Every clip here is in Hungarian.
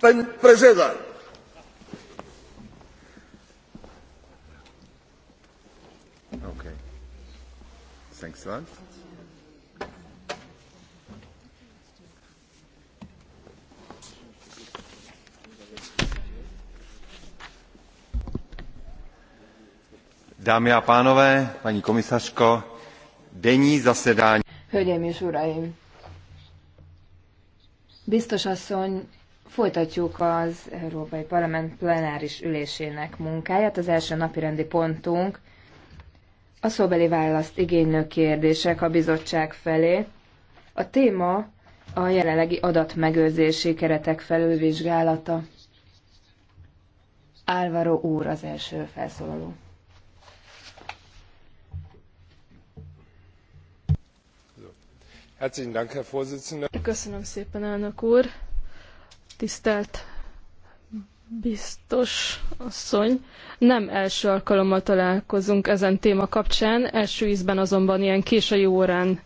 Pani prezydent! Okay. Thanks a lot. Dámy a pánové, paní komisařko, denní zasedání. Hölgyeim és uraim! Biztos asszony, Folytatjuk az Európai Parlament plenáris ülésének munkáját. Az első napi rendi pontunk a szóbeli választ igénylő kérdések a bizottság felé. A téma a jelenlegi adatmegőrzési keretek felülvizsgálata. Álvaro úr az első felszólaló. Köszönöm szépen, elnök úr! Tisztelt biztos asszony, nem első alkalommal találkozunk ezen téma kapcsán, első ízben azonban ilyen késői órán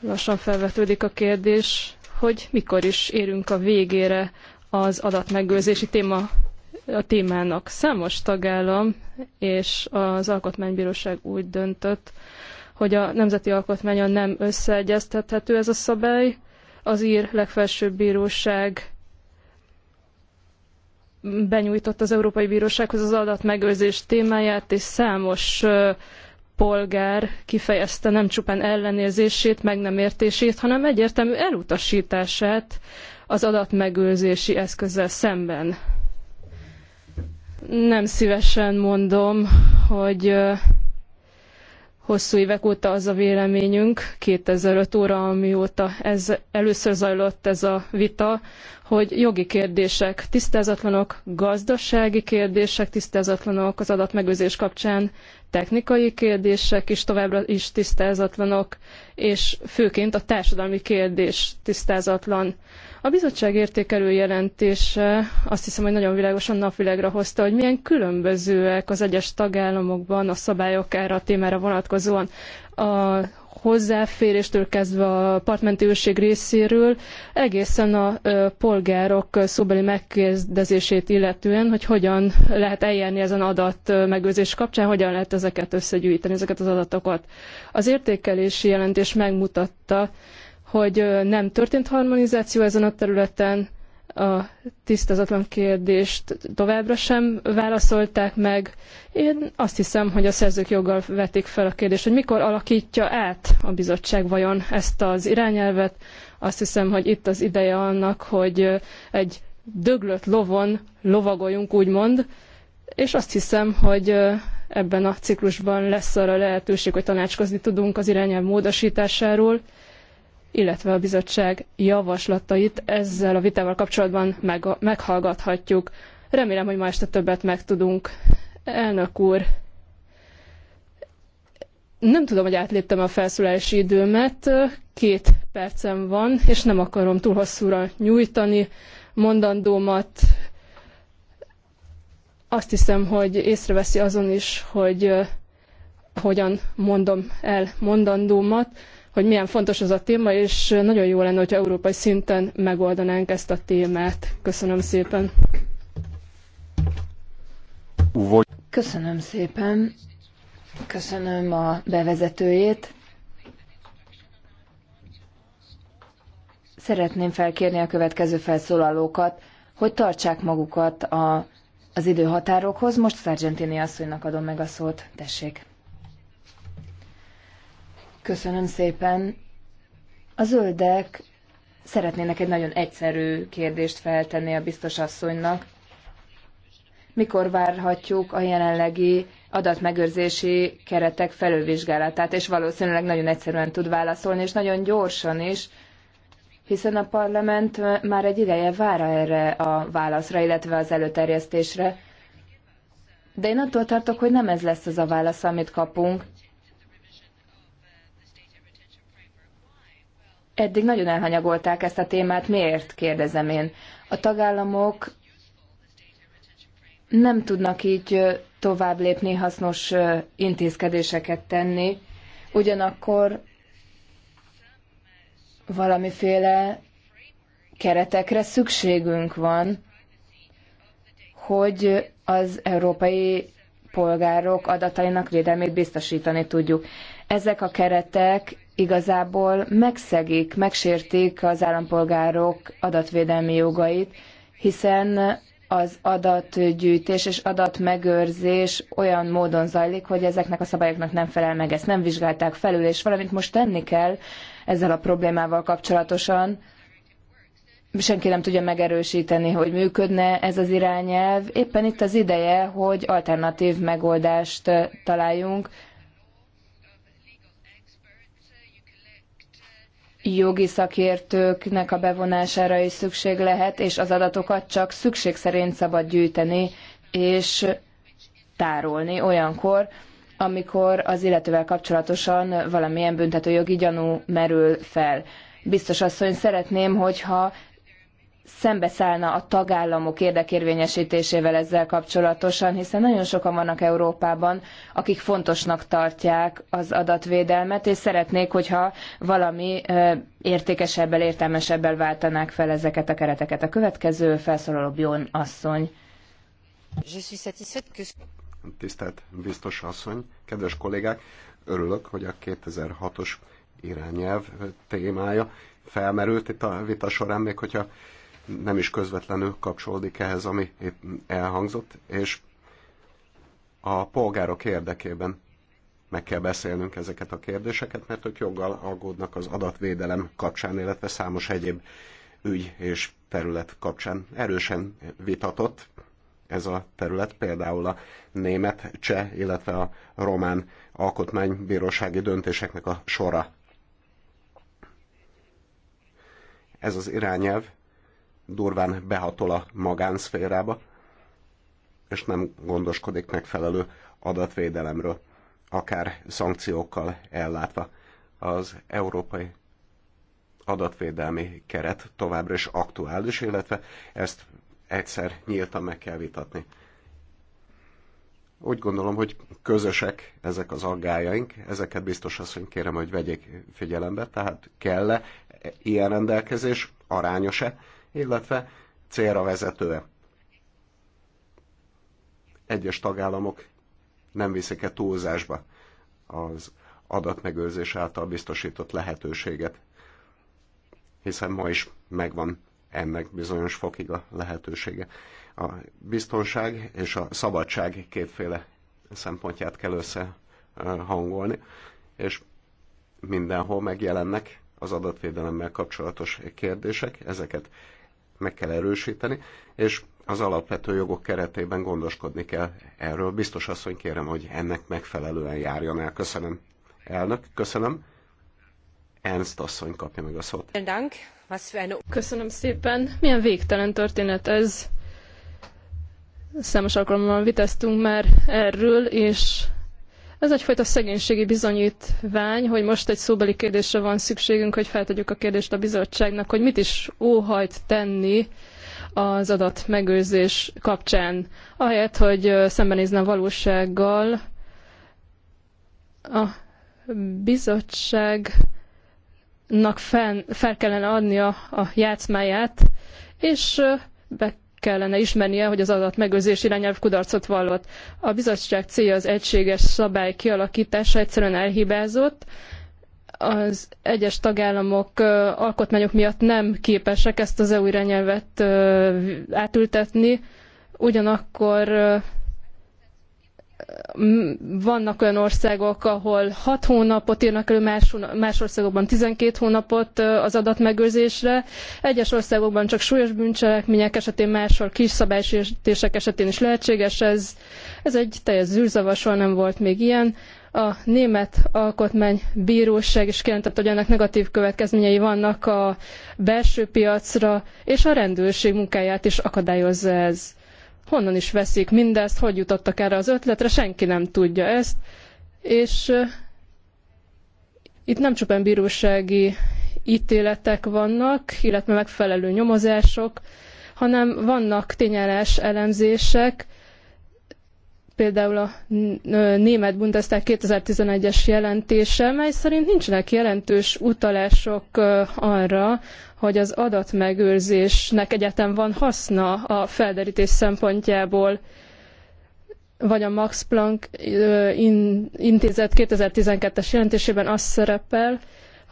lassan felvetődik a kérdés, hogy mikor is érünk a végére az adatmegőrzési téma a témának. Számos tagállam és az Alkotmánybíróság úgy döntött, hogy a Nemzeti Alkotmányon nem összeegyeztethető ez a szabály, az ír legfelsőbb bíróság benyújtott az Európai Bírósághoz az adatmegőrzés témáját, és számos polgár kifejezte nem csupán ellenérzését, meg nem értését, hanem egyértelmű elutasítását az adatmegőrzési eszközzel szemben. Nem szívesen mondom, hogy hosszú évek óta az a véleményünk, 2005 óra, amióta ez, először zajlott ez a vita, hogy jogi kérdések tisztázatlanok, gazdasági kérdések tisztázatlanok, az adatmegőrzés kapcsán technikai kérdések is továbbra is tisztázatlanok, és főként a társadalmi kérdés tisztázatlan. A bizottság értékelő jelentése azt hiszem, hogy nagyon világosan napvilágra hozta, hogy milyen különbözőek az egyes tagállamokban a szabályok erre a témára vonatkozóan. A hozzáféréstől kezdve a partmenti őrség részéről, egészen a polgárok szóbeli megkérdezését illetően, hogy hogyan lehet eljárni ezen adat megőrzés kapcsán, hogyan lehet ezeket összegyűjteni, ezeket az adatokat. Az értékelési jelentés megmutatta, hogy nem történt harmonizáció ezen a területen, a tisztázatlan kérdést továbbra sem válaszolták meg. Én azt hiszem, hogy a szerzők joggal vetik fel a kérdést, hogy mikor alakítja át a bizottság vajon ezt az irányelvet. Azt hiszem, hogy itt az ideje annak, hogy egy döglött lovon lovagoljunk, úgymond, és azt hiszem, hogy ebben a ciklusban lesz arra lehetőség, hogy tanácskozni tudunk az irányelv módosításáról, illetve a bizottság javaslatait ezzel a vitával kapcsolatban meg, meghallgathatjuk. Remélem, hogy ma este többet megtudunk. Elnök úr, nem tudom, hogy átléptem a felszólalási időmet, két percem van, és nem akarom túl hosszúra nyújtani mondandómat. Azt hiszem, hogy észreveszi azon is, hogy eh, hogyan mondom el mondandómat hogy milyen fontos ez a téma, és nagyon jó lenne, hogy európai szinten megoldanánk ezt a témát. Köszönöm szépen. Köszönöm szépen. Köszönöm a bevezetőjét. Szeretném felkérni a következő felszólalókat, hogy tartsák magukat a, az időhatárokhoz. Most Sargentini asszonynak adom meg a szót. Tessék. Köszönöm szépen. A zöldek szeretnének egy nagyon egyszerű kérdést feltenni a biztos asszonynak. Mikor várhatjuk a jelenlegi adatmegőrzési keretek felülvizsgálatát, és valószínűleg nagyon egyszerűen tud válaszolni, és nagyon gyorsan is, hiszen a parlament már egy ideje vár erre a válaszra, illetve az előterjesztésre. De én attól tartok, hogy nem ez lesz az a válasz, amit kapunk. Eddig nagyon elhanyagolták ezt a témát, miért kérdezem én. A tagállamok nem tudnak így tovább lépni, hasznos intézkedéseket tenni, ugyanakkor valamiféle keretekre szükségünk van, hogy az európai polgárok adatainak védelmét biztosítani tudjuk. Ezek a keretek igazából megszegik, megsértik az állampolgárok adatvédelmi jogait, hiszen az adatgyűjtés és adatmegőrzés olyan módon zajlik, hogy ezeknek a szabályoknak nem felel meg, ezt nem vizsgálták felül, és valamit most tenni kell ezzel a problémával kapcsolatosan. Senki nem tudja megerősíteni, hogy működne ez az irányelv. Éppen itt az ideje, hogy alternatív megoldást találjunk, jogi szakértőknek a bevonására is szükség lehet, és az adatokat csak szükség szerint szabad gyűjteni és tárolni olyankor, amikor az illetővel kapcsolatosan valamilyen büntetőjogi gyanú merül fel. Biztos asszony, szeretném, hogyha szembeszállna a tagállamok érdekérvényesítésével ezzel kapcsolatosan, hiszen nagyon sokan vannak Európában, akik fontosnak tartják az adatvédelmet, és szeretnék, hogyha valami értékesebbel, értelmesebbel váltanák fel ezeket a kereteket. A következő felszólaló Bjón asszony. Tisztelt biztos asszony, kedves kollégák, örülök, hogy a 2006-os irányelv témája felmerült itt a vita során, még hogyha nem is közvetlenül kapcsolódik ehhez, ami itt elhangzott, és a polgárok érdekében meg kell beszélnünk ezeket a kérdéseket, mert ők joggal aggódnak az adatvédelem kapcsán, illetve számos egyéb ügy és terület kapcsán. Erősen vitatott ez a terület, például a német, cseh, illetve a román alkotmánybírósági döntéseknek a sora. Ez az irányelv durván behatol a magánszférába, és nem gondoskodik megfelelő adatvédelemről, akár szankciókkal ellátva. Az európai adatvédelmi keret továbbra is aktuális, illetve ezt egyszer nyíltan meg kell vitatni. Úgy gondolom, hogy közösek ezek az aggájaink, ezeket biztos hogy kérem, hogy vegyék figyelembe, tehát kell-e ilyen rendelkezés, arányos-e, illetve célra vezető-e. Egyes tagállamok nem viszik-e túlzásba az adatmegőrzés által biztosított lehetőséget, hiszen ma is megvan ennek bizonyos fokig a lehetősége. A biztonság és a szabadság kétféle szempontját kell összehangolni, és mindenhol megjelennek az adatvédelemmel kapcsolatos kérdések, ezeket meg kell erősíteni, és az alapvető jogok keretében gondoskodni kell erről. Biztos asszony kérem, hogy ennek megfelelően járjon el. Köszönöm. Elnök, köszönöm. Ernst asszony kapja meg a szót. Köszönöm szépen. Milyen végtelen történet ez. Számos alkalommal viteztünk már erről, és ez egyfajta szegénységi bizonyítvány, hogy most egy szóbeli kérdésre van szükségünk, hogy feltegyük a kérdést a bizottságnak, hogy mit is óhajt tenni az adat megőrzés kapcsán. Ahelyett, hogy szembenézne a valósággal, a bizottságnak fel, fel kellene adnia a játszmáját, és be kellene ismernie, hogy az adatmegőrzés irányelv kudarcot vallott. A bizottság célja az egységes szabály kialakítása egyszerűen elhibázott, az egyes tagállamok alkotmányok miatt nem képesek ezt az EU irányelvet átültetni, ugyanakkor vannak olyan országok, ahol 6 hónapot írnak elő, más, más országokban 12 hónapot az adatmegőrzésre. Egyes országokban csak súlyos bűncselekmények esetén, máshol kis szabálysértések esetén is lehetséges. Ez, ez egy teljes zűrzavar, soha nem volt még ilyen. A német alkotmánybíróság is kijelentett, hogy ennek negatív következményei vannak a belső piacra, és a rendőrség munkáját is akadályozza ez honnan is veszik mindezt, hogy jutottak erre az ötletre, senki nem tudja ezt, és itt nem csupán bírósági ítéletek vannak, illetve megfelelő nyomozások, hanem vannak tényállás elemzések, például a német Bundestag 2011-es jelentése, mely szerint nincsenek jelentős utalások arra, hogy az adatmegőrzésnek egyetem van haszna a felderítés szempontjából, vagy a Max Planck intézet 2012-es jelentésében az szerepel,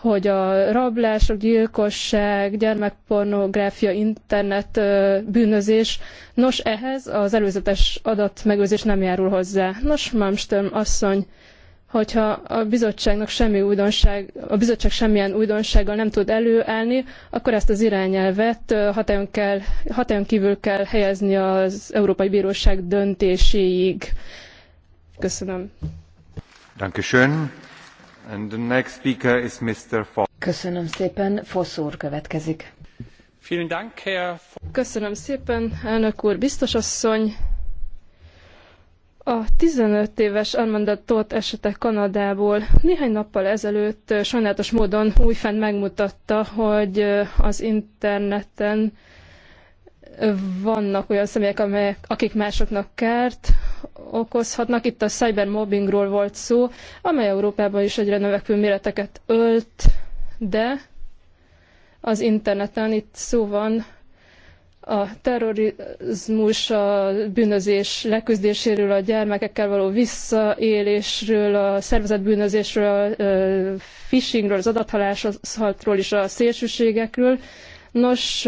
hogy a rablás, a gyilkosság, gyermekpornográfia, internet bűnözés, nos ehhez az előzetes adatmegőrzés nem járul hozzá. Nos, Malmström asszony, hogyha a bizottságnak semmi újdonság, a bizottság semmilyen újdonsággal nem tud előállni, akkor ezt az irányelvet hatályon, kell, hatályon kívül kell helyezni az Európai Bíróság döntéséig. Köszönöm. And the next speaker is Mr. Foss. Köszönöm szépen, Fosz úr következik. Köszönöm szépen, elnök úr, biztos asszony. A 15 éves Armanda Tóth esete Kanadából néhány nappal ezelőtt sajnálatos módon újfent megmutatta, hogy az interneten vannak olyan személyek, amelyek, akik másoknak kárt okozhatnak. Itt a cybermobbingról volt szó, amely Európában is egyre növekvő méreteket ölt, de az interneten itt szó van a terrorizmus, a bűnözés leküzdéséről, a gyermekekkel való visszaélésről, a szervezett bűnözésről, a phishingről, az adathalászatról és a szélsőségekről. Nos,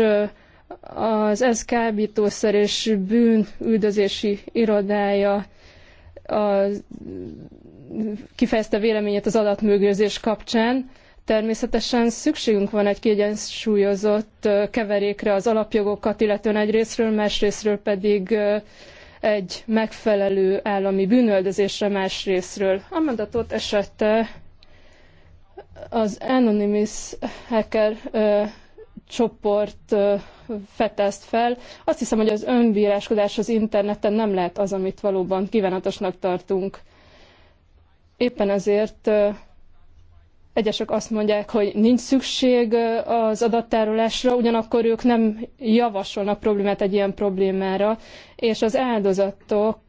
az ENSZ kábítószer és bűn üldözési irodája a, kifejezte véleményét az adatmögőzés kapcsán. Természetesen szükségünk van egy kiegyensúlyozott keverékre az alapjogokat, illetően egyrésztről, másrésztről pedig egy megfelelő állami bűnöldözésre másrésztről. A mandatot esette az Anonymous hacker csoport fette fel. Azt hiszem, hogy az önbíráskodás az interneten nem lehet az, amit valóban kívánatosnak tartunk. Éppen ezért egyesek azt mondják, hogy nincs szükség az adattárolásra, ugyanakkor ők nem javasolnak problémát egy ilyen problémára, és az áldozatok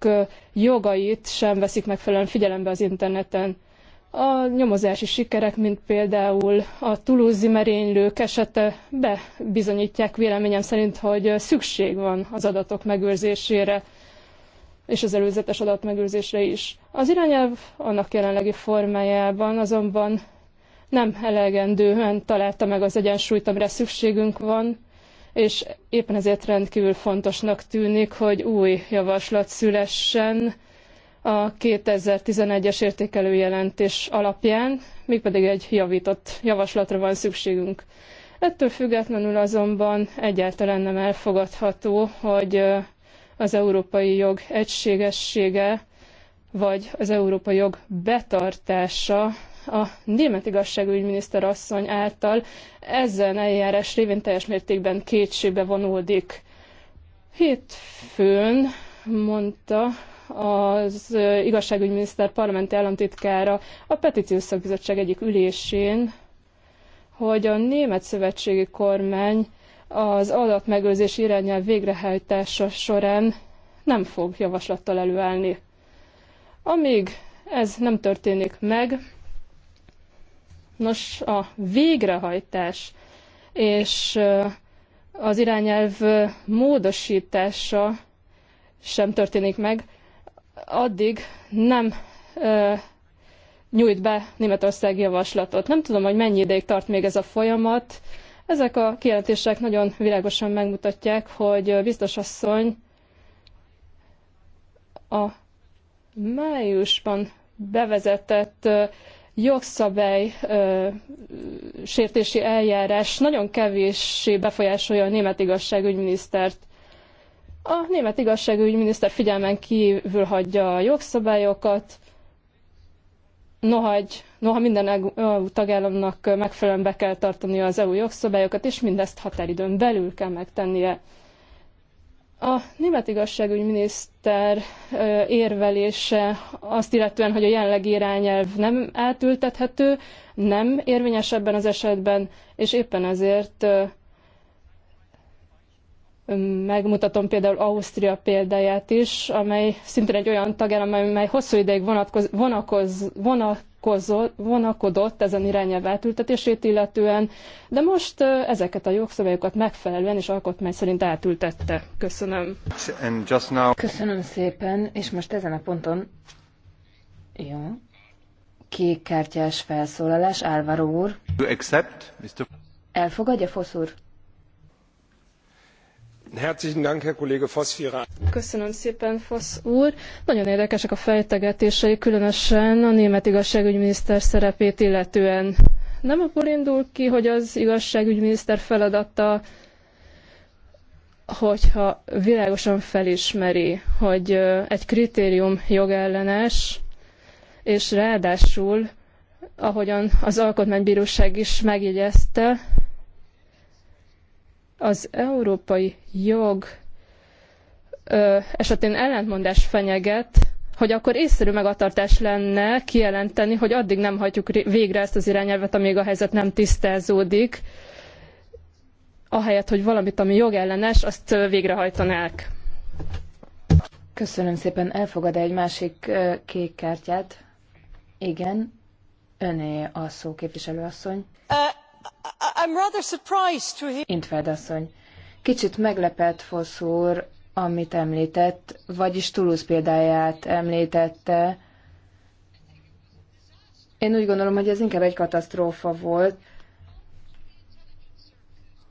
jogait sem veszik megfelelően figyelembe az interneten a nyomozási sikerek, mint például a tulúzi merénylők esete bebizonyítják véleményem szerint, hogy szükség van az adatok megőrzésére és az előzetes adatmegőrzésre is. Az irányelv annak jelenlegi formájában azonban nem elegendően találta meg az egyensúlyt, amire szükségünk van, és éppen ezért rendkívül fontosnak tűnik, hogy új javaslat szülessen, a 2011-es értékelő jelentés alapján, mégpedig egy javított javaslatra van szükségünk. Ettől függetlenül azonban egyáltalán nem elfogadható, hogy az európai jog egységessége vagy az európai jog betartása a német igazságügyminiszter asszony által ezen eljárás révén teljes mértékben kétségbe vonódik. Hétfőn mondta, az igazságügyminiszter parlamenti államtitkára a petíciós szakbizottság egyik ülésén, hogy a német szövetségi kormány az adatmegőrzés irányel végrehajtása során nem fog javaslattal előállni. Amíg ez nem történik meg, nos, a végrehajtás és az irányelv módosítása sem történik meg, addig nem ö, nyújt be Németország javaslatot. Nem tudom, hogy mennyi ideig tart még ez a folyamat. Ezek a kijelentések nagyon világosan megmutatják, hogy biztos asszony a májusban bevezetett jogszabály sértési eljárás nagyon kevéssé befolyásolja a német igazságügyminisztert. A német igazságügyi miniszter figyelmen kívül hagyja a jogszabályokat, noha, egy, noha minden EU tagállamnak megfelelően be kell tartania az EU jogszabályokat, és mindezt határidőn belül kell megtennie. A német igazságügyminiszter érvelése azt illetően, hogy a jelenlegi irányelv nem átültethető, nem érvényes ebben az esetben, és éppen ezért Megmutatom például Ausztria példáját is, amely szintén egy olyan tagállam, amely hosszú ideig vonatkoz, vonakoz, vonakozott, vonakodott ezen irányelv átültetését illetően, de most ezeket a jogszabályokat megfelelően és alkotmány szerint átültette. Köszönöm. Now... Köszönöm szépen, és most ezen a ponton... Jó. Kékkártyás felszólalás, Álvaro úr. You accept, Mr. Elfogadja, Fosz úr? Köszönöm szépen, Fosz úr. Nagyon érdekesek a fejtegetései, különösen a német igazságügyminiszter szerepét illetően. Nem abból indul ki, hogy az igazságügyminiszter feladata, hogyha világosan felismeri, hogy egy kritérium jogellenes, és ráadásul, ahogyan az alkotmánybíróság is megjegyezte, az európai jog ö, esetén ellentmondás fenyeget, hogy akkor észszerű megatartás lenne kijelenteni, hogy addig nem hajtjuk végre ezt az irányelvet, amíg a helyzet nem tisztázódik, ahelyett, hogy valamit, ami jogellenes, azt végrehajtanák. Köszönöm szépen. Elfogad -e egy másik kék kártyát? Igen. Öné a szó, képviselőasszony. Uh. I'm rather surprised to hear... Intved asszony, kicsit meglepett Foszúr, amit említett, vagyis Toulouse példáját említette. Én úgy gondolom, hogy ez inkább egy katasztrófa volt.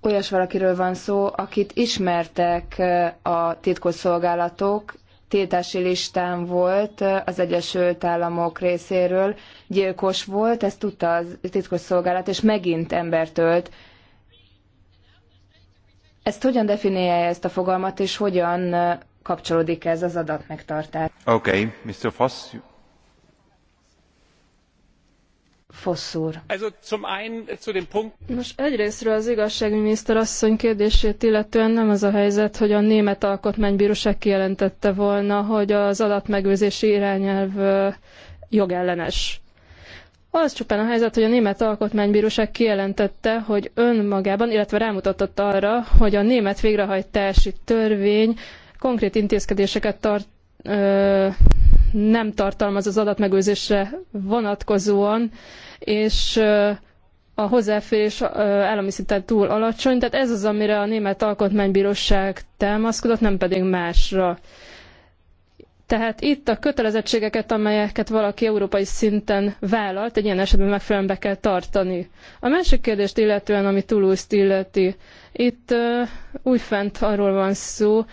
Olyas valakiről van szó, akit ismertek eh, a titkosszolgálatok, tiltási listán volt az Egyesült Államok részéről, gyilkos volt, ezt tudta a titkos szolgálat, és megint embert ölt. Ezt hogyan definiálja ezt a fogalmat, és hogyan kapcsolódik ez az adatmegtartás? Oké, okay. Mr. Foss, Fosszúr. Nos, egyrésztről az igazságügyminiszter asszony kérdését illetően nem az a helyzet, hogy a Német Alkotmánybíróság kijelentette volna, hogy az adatmegőrzési irányelv jogellenes. Az csupán a helyzet, hogy a Német Alkotmánybíróság kijelentette, hogy önmagában, illetve rámutatott arra, hogy a német végrehajtási törvény konkrét intézkedéseket tart, ö, nem tartalmaz az adatmegőrzésre vonatkozóan, és a hozzáférés állami szinten túl alacsony, tehát ez az, amire a Német Alkotmánybíróság támaszkodott, nem pedig másra. Tehát itt a kötelezettségeket, amelyeket valaki európai szinten vállalt, egy ilyen esetben megfelelően be kell tartani. A másik kérdést illetően, ami Toulouse-t illeti, itt uh, újfent arról van szó,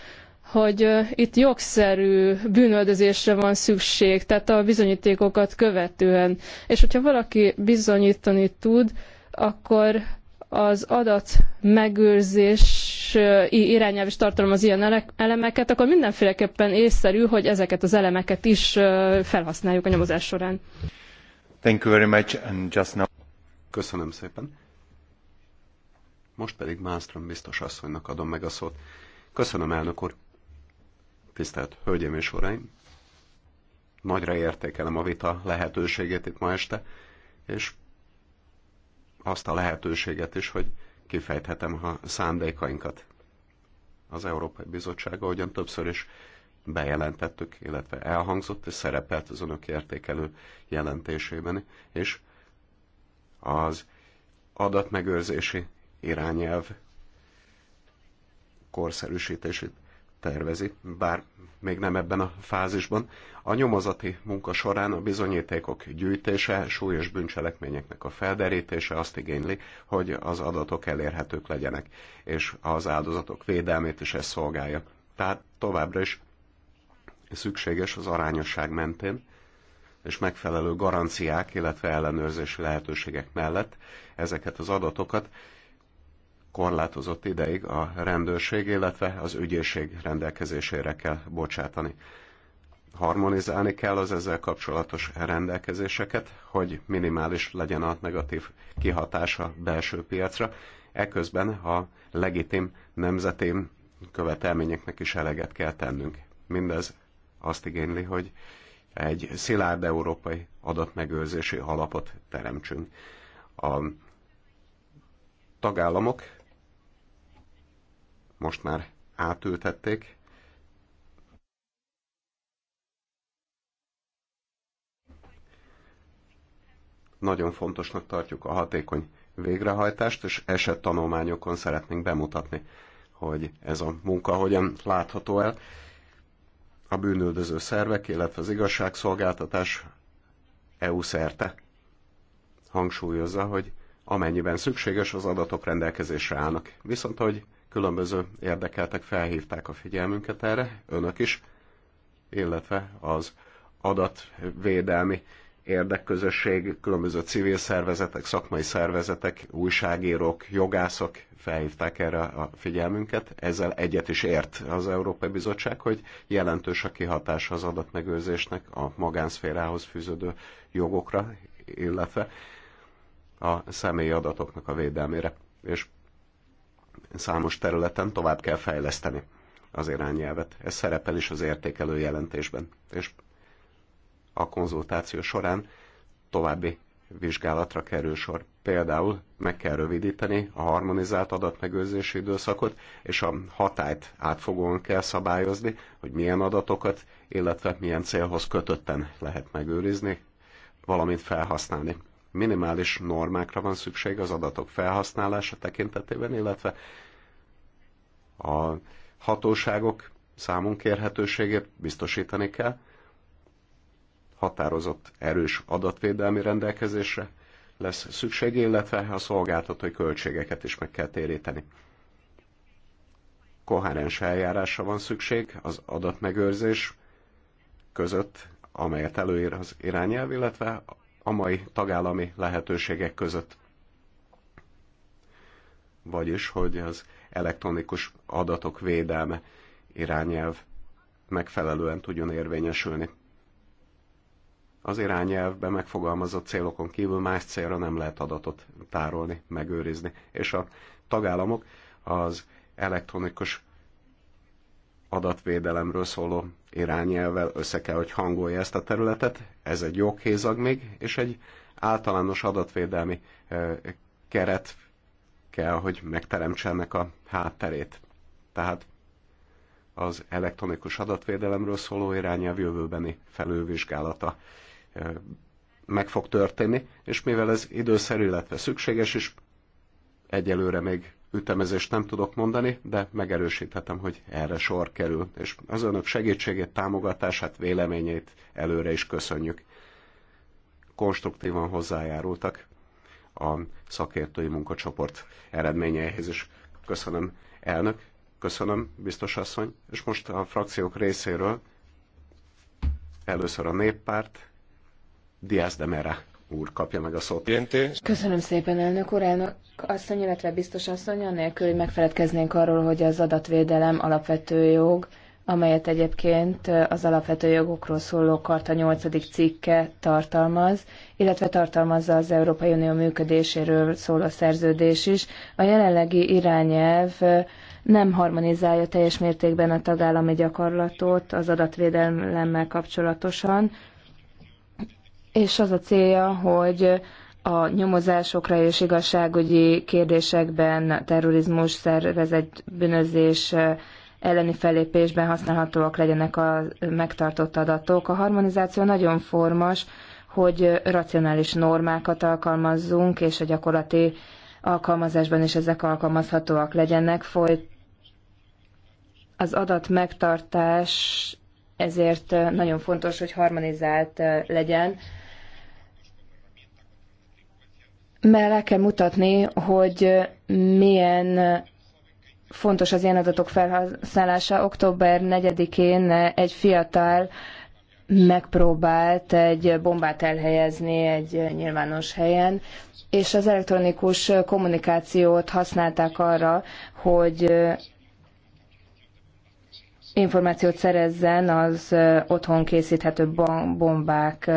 hogy itt jogszerű bűnöldözésre van szükség, tehát a bizonyítékokat követően. És hogyha valaki bizonyítani tud, akkor az adat megőrzés irányelv is tartalmaz ilyen elemeket, akkor mindenféleképpen észszerű, hogy ezeket az elemeket is felhasználjuk a nyomozás során. Thank you very much and just now. Köszönöm szépen. Most pedig Mástrom biztos asszonynak adom meg a szót. Köszönöm, elnök úr. Tisztelt Hölgyeim és Uraim! Nagyra értékelem a vita lehetőségét itt ma este, és azt a lehetőséget is, hogy kifejthetem a szándékainkat. Az Európai Bizottság, ahogyan többször is bejelentettük, illetve elhangzott és szerepelt az önök értékelő jelentésében, és az adatmegőrzési irányelv korszerűsítését tervezi, bár még nem ebben a fázisban. A nyomozati munka során a bizonyítékok gyűjtése, súlyos bűncselekményeknek a felderítése azt igényli, hogy az adatok elérhetők legyenek, és az áldozatok védelmét is ez szolgálja. Tehát továbbra is szükséges az arányosság mentén és megfelelő garanciák, illetve ellenőrzési lehetőségek mellett ezeket az adatokat korlátozott ideig a rendőrség, illetve az ügyészség rendelkezésére kell bocsátani. Harmonizálni kell az ezzel kapcsolatos rendelkezéseket, hogy minimális legyen a negatív kihatása belső piacra, eközben a legitim nemzeti követelményeknek is eleget kell tennünk. Mindez azt igényli, hogy egy szilárd európai adatmegőrzési alapot teremtsünk. A tagállamok most már átültették. Nagyon fontosnak tartjuk a hatékony végrehajtást, és tanulmányokon szeretnénk bemutatni, hogy ez a munka hogyan látható el. A bűnöldöző szervek, illetve az igazságszolgáltatás EU szerte hangsúlyozza, hogy amennyiben szükséges, az adatok rendelkezésre állnak. Viszont, ahogy különböző érdekeltek felhívták a figyelmünket erre, önök is, illetve az adatvédelmi érdekközösség, különböző civil szervezetek, szakmai szervezetek, újságírók, jogászok felhívták erre a figyelmünket. Ezzel egyet is ért az Európai Bizottság, hogy jelentős a kihatása az adatmegőrzésnek a magánszférához fűződő jogokra, illetve a személyi adatoknak a védelmére. És számos területen tovább kell fejleszteni az irányelvet. Ez szerepel is az értékelő jelentésben. És a konzultáció során további vizsgálatra kerül sor. Például meg kell rövidíteni a harmonizált adatmegőrzési időszakot, és a hatályt átfogóan kell szabályozni, hogy milyen adatokat, illetve milyen célhoz kötötten lehet megőrizni, valamint felhasználni minimális normákra van szükség az adatok felhasználása tekintetében, illetve a hatóságok számunk kérhetőségét biztosítani kell, határozott erős adatvédelmi rendelkezésre lesz szükség, illetve a szolgáltatói költségeket is meg kell téríteni. Koherens eljárásra van szükség az adatmegőrzés között, amelyet előír az irányelv, illetve a mai tagállami lehetőségek között. Vagyis, hogy az elektronikus adatok védelme irányelv megfelelően tudjon érvényesülni. Az irányelvben megfogalmazott célokon kívül más célra nem lehet adatot tárolni, megőrizni, és a tagállamok az elektronikus adatvédelemről szóló irányelvvel össze kell, hogy hangolja ezt a területet. Ez egy joghézag még, és egy általános adatvédelmi keret kell, hogy megteremtsenek a hátterét. Tehát az elektronikus adatvédelemről szóló irányelv jövőbeni felülvizsgálata meg fog történni, és mivel ez időszerű, illetve szükséges is, egyelőre még ütemezést nem tudok mondani, de megerősíthetem, hogy erre sor kerül. És az önök segítségét, támogatását, véleményét előre is köszönjük. Konstruktívan hozzájárultak a szakértői munkacsoport eredményeihez is. Köszönöm, elnök, köszönöm, biztos asszony. És most a frakciók részéről először a néppárt, Diaz de Mera úr kapja meg a szót. Köszönöm szépen, elnök úr, elnök asszony, illetve biztos asszony, anélkül, hogy megfeledkeznénk arról, hogy az adatvédelem alapvető jog, amelyet egyébként az alapvető jogokról szóló karta 8. cikke tartalmaz, illetve tartalmazza az Európai Unió működéséről szóló szerződés is. A jelenlegi irányelv nem harmonizálja teljes mértékben a tagállami gyakorlatot az adatvédelemmel kapcsolatosan, és az a célja, hogy a nyomozásokra és igazságügyi kérdésekben, terrorizmus, szervezett bűnözés eh, elleni felépésben használhatóak legyenek a megtartott adatok. A harmonizáció nagyon formas, hogy racionális normákat alkalmazzunk, és a gyakorlati alkalmazásban is ezek alkalmazhatóak legyenek. Folyt az adat megtartás ezért eh, nagyon fontos, hogy harmonizált eh, legyen mert le kell mutatni, hogy milyen fontos az ilyen adatok felhasználása. Október 4-én egy fiatal megpróbált egy bombát elhelyezni egy nyilvános helyen, és az elektronikus kommunikációt használták arra, hogy információt szerezzen az otthon készíthető bombák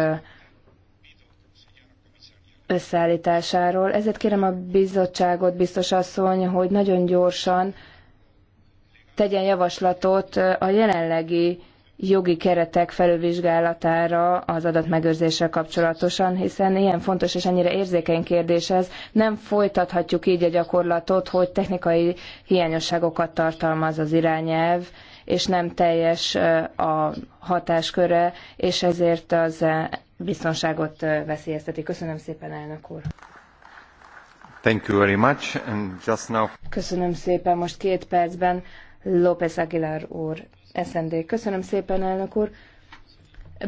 összeállításáról. Ezért kérem a bizottságot, biztos asszony, hogy nagyon gyorsan tegyen javaslatot a jelenlegi jogi keretek felülvizsgálatára az adatmegőrzéssel kapcsolatosan, hiszen ilyen fontos és ennyire érzékeny kérdés ez. Nem folytathatjuk így a gyakorlatot, hogy technikai hiányosságokat tartalmaz az irányelv, és nem teljes a hatásköre, és ezért az biztonságot veszélyezteti. Köszönöm szépen, elnök úr! Thank you very much. And just now... Köszönöm szépen, most két percben López Aguilar úr, SND. Köszönöm szépen, elnök úr!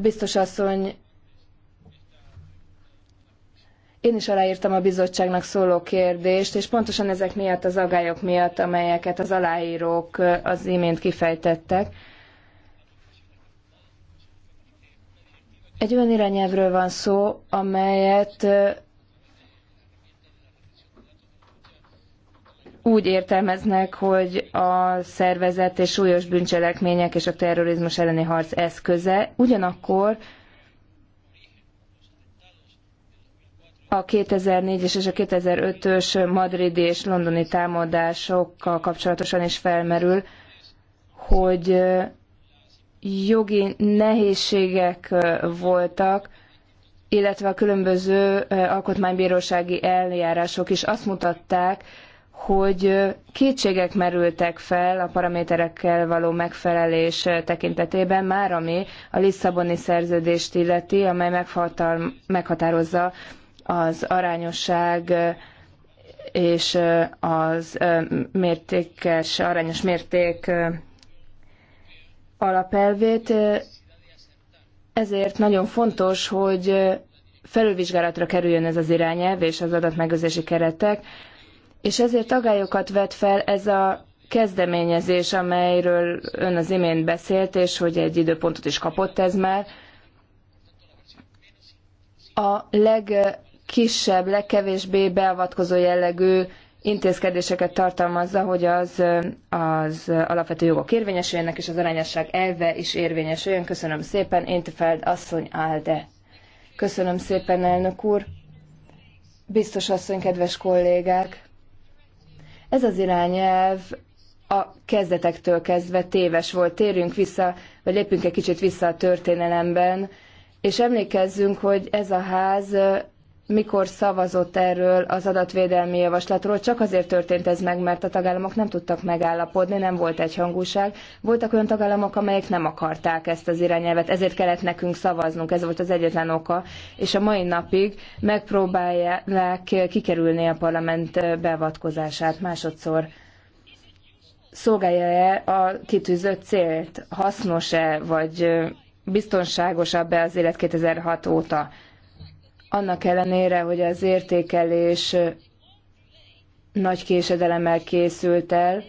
Biztos asszony, én is aláírtam a bizottságnak szóló kérdést, és pontosan ezek miatt az agályok miatt, amelyeket az aláírók az imént kifejtettek, Egy olyan irányelvről van szó, amelyet úgy értelmeznek, hogy a szervezet és súlyos bűncselekmények és a terrorizmus elleni harc eszköze, ugyanakkor a 2004-es és a 2005-ös madridi és londoni támadásokkal kapcsolatosan is felmerül, hogy jogi nehézségek voltak, illetve a különböző alkotmánybírósági eljárások is azt mutatták, hogy kétségek merültek fel a paraméterekkel való megfelelés tekintetében, már ami a Lisszaboni szerződést illeti, amely meghatározza az arányosság és az mértékes, arányos mérték alapelvét, ezért nagyon fontos, hogy felülvizsgálatra kerüljön ez az irányelv és az adatmegőrzési keretek, és ezért agályokat vet fel ez a kezdeményezés, amelyről ön az imént beszélt, és hogy egy időpontot is kapott ez már. A legkisebb, legkevésbé beavatkozó jellegű intézkedéseket tartalmazza, hogy az, az alapvető jogok érvényesüljenek, és az arányosság elve is érvényesüljön. Köszönöm szépen, Intefeld asszony Álde. Köszönöm szépen, elnök úr. Biztos asszony, kedves kollégák! Ez az irányelv a kezdetektől kezdve téves volt. Térjünk vissza, vagy lépjünk egy kicsit vissza a történelemben, és emlékezzünk, hogy ez a ház mikor szavazott erről az adatvédelmi javaslatról, csak azért történt ez meg, mert a tagállamok nem tudtak megállapodni, nem volt egyhangúság. Voltak olyan tagállamok, amelyek nem akarták ezt az irányelvet, ezért kellett nekünk szavaznunk, ez volt az egyetlen oka, és a mai napig megpróbálják kikerülni a parlament beavatkozását másodszor. Szolgálja-e a kitűzött célt? Hasznos-e, vagy biztonságosabb-e az élet 2006 óta? annak ellenére, hogy az értékelés nagy késedelemmel készült el,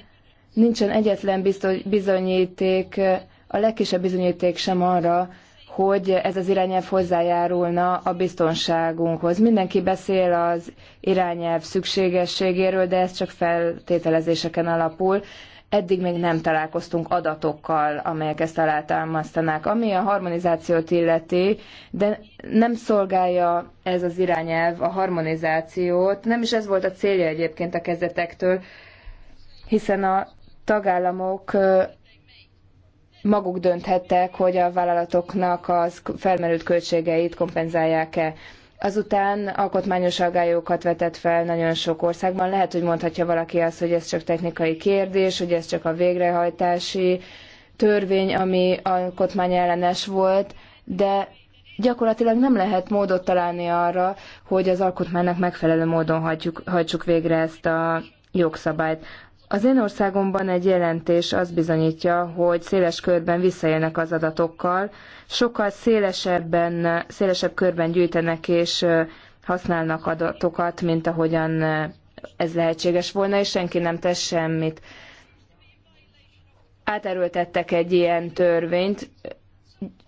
nincsen egyetlen bizonyíték, a legkisebb bizonyíték sem arra, hogy ez az irányelv hozzájárulna a biztonságunkhoz. Mindenki beszél az irányelv szükségességéről, de ez csak feltételezéseken alapul eddig még nem találkoztunk adatokkal, amelyek ezt alátámasztanák. Ami a harmonizációt illeti, de nem szolgálja ez az irányelv a harmonizációt, nem is ez volt a célja egyébként a kezdetektől, hiszen a tagállamok maguk dönthettek, hogy a vállalatoknak az felmerült költségeit kompenzálják-e. Azután alkotmányos aggályokat vetett fel nagyon sok országban. Lehet, hogy mondhatja valaki azt, hogy ez csak technikai kérdés, hogy ez csak a végrehajtási törvény, ami alkotmányellenes volt, de gyakorlatilag nem lehet módot találni arra, hogy az alkotmánynak megfelelő módon hagyjuk, hajtsuk végre ezt a jogszabályt. Az én országomban egy jelentés azt bizonyítja, hogy széles körben visszaélnek az adatokkal, sokkal szélesebben, szélesebb körben gyűjtenek és használnak adatokat, mint ahogyan ez lehetséges volna, és senki nem tesz semmit. Áterültettek egy ilyen törvényt,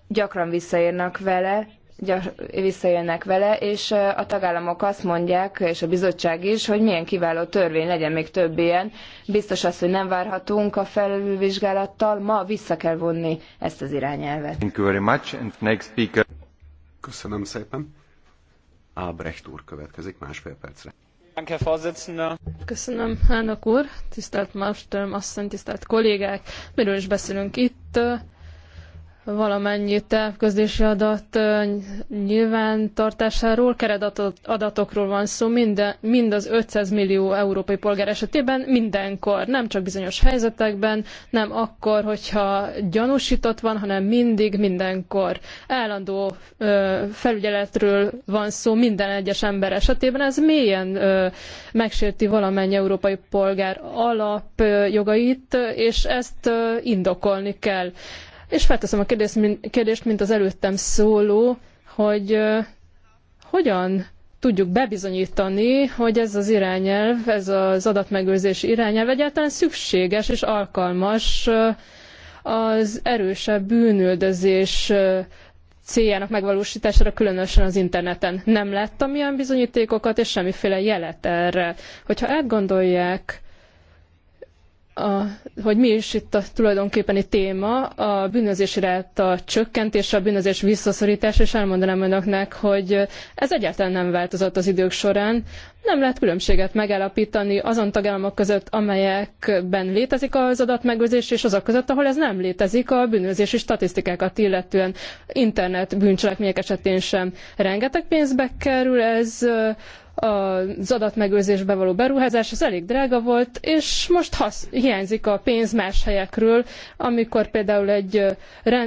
gyakran visszaérnek vele, gyors, visszaélnek vele, és a tagállamok azt mondják, és a bizottság is, hogy milyen kiváló törvény legyen még több ilyen. Biztos az, hogy nem várhatunk a felülvizsgálattal, ma vissza kell vonni ezt az irányelvet. Thank you very much. And next speaker. Köszönöm szépen. Albrecht úr következik másfél percre. Köszönöm, elnök úr, tisztelt Malmström, asszony, tisztelt kollégák. Miről is beszélünk itt? valamennyi távközlési adat nyilvántartásáról, keredatokról van szó, minden, mind az 500 millió európai polgár esetében mindenkor, nem csak bizonyos helyzetekben, nem akkor, hogyha gyanúsított van, hanem mindig, mindenkor. Állandó ö, felügyeletről van szó minden egyes ember esetében, ez mélyen ö, megsérti valamennyi európai polgár alapjogait, és ezt ö, indokolni kell. És felteszem a kérdést, mint, kérdést, mint az előttem szóló, hogy uh, hogyan tudjuk bebizonyítani, hogy ez az irányelv, ez az adatmegőrzési irányelv egyáltalán szükséges és alkalmas az erősebb bűnüldözés céljának megvalósítására, különösen az interneten. Nem láttam ilyen bizonyítékokat, és semmiféle jelet erre. Hogyha átgondolják a, hogy mi is itt a tulajdonképpeni téma, a bűnözési ráta csökkentése, a bűnözés visszaszorítása, és elmondanám önöknek, hogy ez egyáltalán nem változott az idők során. Nem lehet különbséget megállapítani azon tagállamok között, amelyekben létezik az adatmegőrzés, és azok között, ahol ez nem létezik a bűnözési statisztikákat, illetően internet bűncselekmények esetén sem. Rengeteg pénzbe kerül ez az adatmegőrzésbe való beruházás, az elég drága volt, és most hasz, hiányzik a pénz más helyekről, amikor például egy,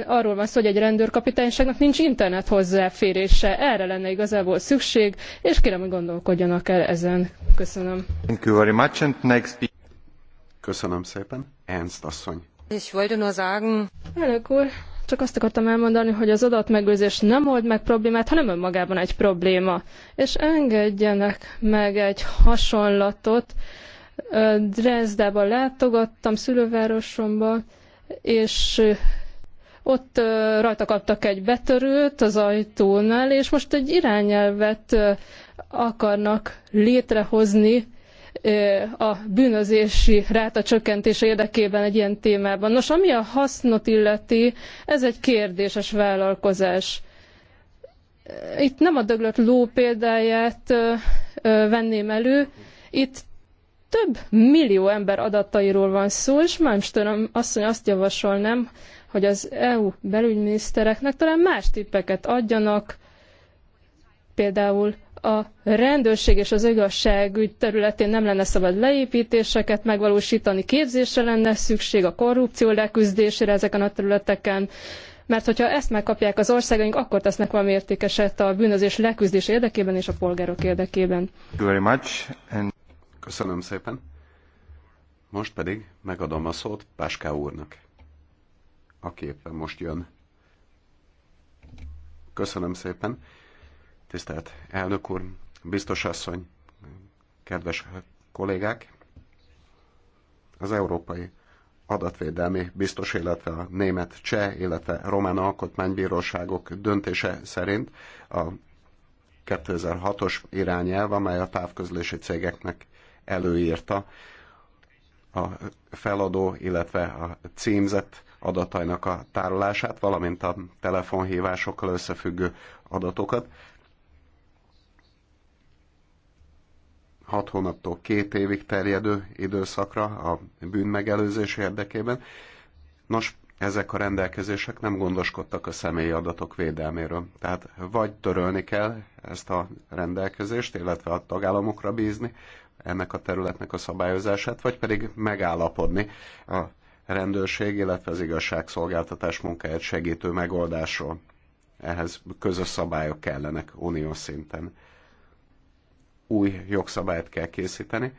arról van szó, hogy egy rendőrkapitányságnak nincs internet hozzáférése, erre lenne igazából szükség, és kérem, hogy gondolkodjanak el ezen. Köszönöm. Thank you very much and next Köszönöm szépen. Ernst asszony. Ich wollte nur sagen. Elnök úr, csak azt akartam elmondani, hogy az adatmegőrzés nem old meg problémát, hanem önmagában egy probléma. És engedjenek meg egy hasonlatot. Dresdába látogattam, szülővárosomba, és ott rajta kaptak egy betörőt az ajtónál, és most egy irányelvet akarnak létrehozni a bűnözési ráta csökkentése érdekében egy ilyen témában. Nos, ami a hasznot illeti, ez egy kérdéses vállalkozás. Itt nem a döglött ló példáját venném elő, itt több millió ember adatairól van szó, és Malmström asszony azt javasolnám, hogy az EU belügyminisztereknek talán más tippeket adjanak, például a rendőrség és az igazságügy területén nem lenne szabad leépítéseket megvalósítani, képzésre lenne szükség a korrupció leküzdésére ezeken a területeken, mert hogyha ezt megkapják az országaink, akkor tesznek valami értékeset a bűnözés leküzdése érdekében és a polgárok érdekében. Köszönöm szépen. Most pedig megadom a szót Páská úrnak, aki éppen most jön. Köszönöm szépen. Tisztelt elnök úr, biztos asszony, kedves kollégák! Az Európai Adatvédelmi Biztos, illetve a Német, Cseh, illetve Román Alkotmánybíróságok döntése szerint a 2006-os irányelv, amely a távközlési cégeknek előírta a feladó, illetve a címzett adatainak a tárolását, valamint a telefonhívásokkal összefüggő adatokat hat hónaptól két évig terjedő időszakra a bűnmegelőzés érdekében. Nos, ezek a rendelkezések nem gondoskodtak a személyi adatok védelméről. Tehát vagy törölni kell ezt a rendelkezést, illetve a tagállamokra bízni ennek a területnek a szabályozását, vagy pedig megállapodni a rendőrség, illetve az igazságszolgáltatás munkáját segítő megoldásról. Ehhez közös szabályok kellenek uniós szinten új jogszabályt kell készíteni,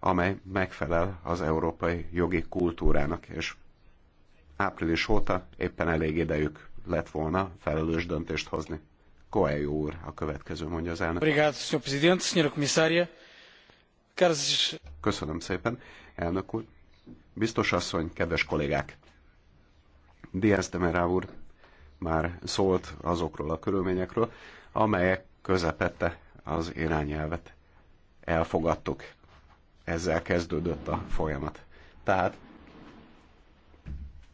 amely megfelel az európai jogi kultúrának, és április óta éppen elég idejük lett volna felelős döntést hozni. Coelho úr a következő, mondja az elnök. Köszönöm szépen, elnök úr. Biztos asszony, kedves kollégák! Diaz de Merá úr már szólt azokról a körülményekről, amelyek közepette az irányelvet elfogadtuk. Ezzel kezdődött a folyamat. Tehát